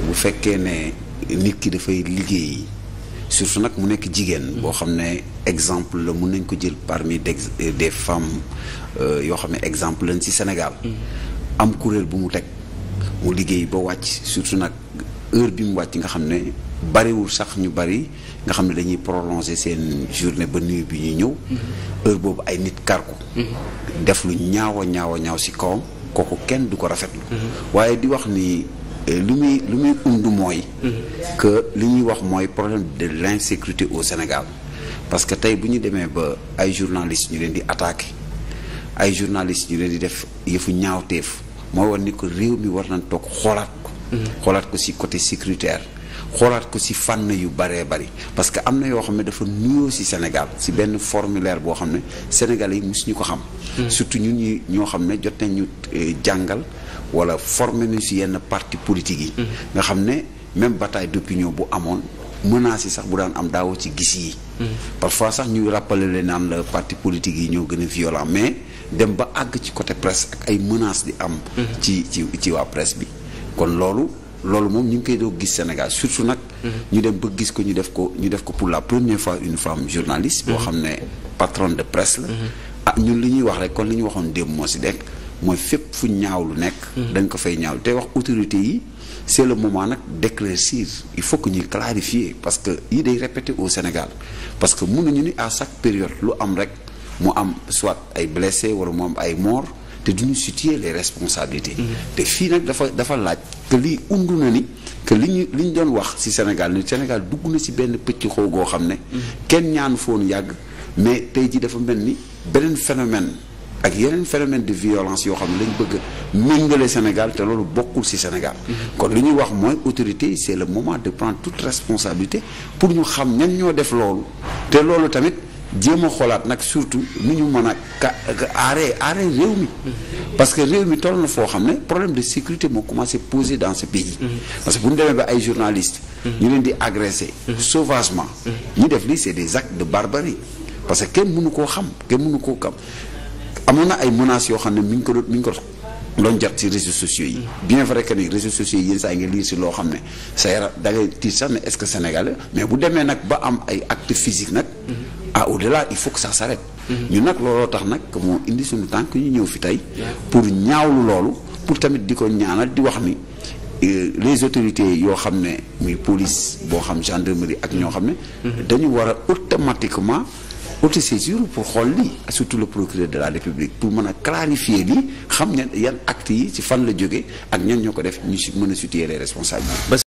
bu fekkee ne nit ki dafay liggéey surtout nag mu nekk jigéen. Mm. boo xam ne exemple la mun nañ ko jël parmi des femmes euh, yoo xam ne exemple lañ ci Sénégal. Mm. am kuréel bu mu teg mu liggéey ba wàcc surtout nag heure bi mu wàcc nga xam ne bariwul sax ñu bari nga xam ne dañuy prolonger seen journée ba nuit bi ñuy ñëw. Mm-hmm. heure boobu ay nit kar ko. Mm-hmm. def lu ñaaw a ñaaw ci kawam kooku kenn du ko rafetlu. Mm-hmm. waaye di wax ni. lu muy lu muy mooy. Mhm. que li ñuy wax mooy problème de l' insécurité au Sénégal parce que tey bu ñu demee ba ay journalistes ñu leen di attaqué ay journalistes ñu leen di def yëfu ñaawteef mooy war ni ko réew mi war nañ toog xoolaat ko. Mhm. xoolaat ko ci côté sécuritaire xoolaat ko ci fànn yu baree bari parce que am na yoo xam ne dafa nuyoo ci Sénégal si benn formulaire boo xam ne sénégal yi mosuñu ko xam. Mhm. surtout ñu ñi ñoo xam ne jot nañ ñu eh, jàngal. wala forme nu si yenn parti politique yi. Mm-hmm. nga xam ne même bataille d'opinion bu amoon menaces yi sax bu daan am daawoo ci gis yi. Mm-hmm. parfois sax ñuy rappeler leen naan la parti politique yi ñoo gën a violent mais dem ba àgg ci côté presse ak ay menaces di am. Mm-hmm. ci ci ci waa presse bi kon loolu. loolu moom ñu ngi koy doo gis Sénégal surtout nag. ñu dem ba gis ko ñu def ko ñu def ko pour la premier fois une femme journaliste. boo xam ne patronne de presse la. ah li ñuy wax rek kon li ñu waxoon démb moo si dekk mooy fépp fu ñaaw lu nekk. Mm-hmm. dañ ko fay ñaaw te wax autorité yi c' est le moment nag d' éclaircir il faut que ñuy clarifier parce que yi day répété au Sénégal parce que mënuñu ni à chaque période lu am rek mu am soit ay blessé wala mu am ay moor te duñu situer les responsabilités. Mm-hmm. te fii nag dafa dafa laaj que lii undu na ni que li ñu li doon wax ci Sénégal ni Sénégal dugg na ci benn pëcc xoo goo xam ne. Mm-hmm. kenn ñaanu foon yàgg mais tey jii dafa mel ni beneen phénomène. ak yeneen phénomène de violence yoo xam ne lañ bëgg méngale Sénégal te loolu bokkul ci Sénégal mhm. kon li ñuy wax mooy autorité yi c'est le moment de prendre toute responsabilité pour ñu xam ñan ñoo def loolu te loolu tamit jéem a xoolaat nag surtout nu ñu mën a ka aaree aaree réew mi mhm. parce que réew mi toll na foo xam ne problème de sécurité moo commencé poser dans ce pays mhm. parce que bu ñu demee ba ay journalistes ñu leen di agressé sauvagement ñu def lii c'est des actes de barbarie parce que kenn mënu koo xam kenn mënu koo amoon na ay menaces yoo xam ne mi ngi ko doon mi ko doon jot ci réseaux sociaux yi. bien vrai que ni réseaux sociaux yi yenn saa ngi lire si loo xam ne sa yaram da ngay tiit sax ne est-ce que Sénégalais mais bu demee nag ba am ay actes physiques nag. Mm-hmm. ah au-delà il faut que ça s'arrête. Mm-hmm. ñu nag looloo tax nag moo indi suñu tànk ñu ñëw fi tey. pour ñaawlu loolu pour tamit di ko ñaanal di wax ni. Euh, les autorités yoo xam ne muy police boo xam gendarmerie ak ñoo xam ne. Mm-hmm. dañu war autosaisir pour xool lii surtout le procureur de la république pour mën a clarifier lii xam ne yan actes yi ci fan la jóge ak ñan ñoo ko def ñu si mën a situer les responsables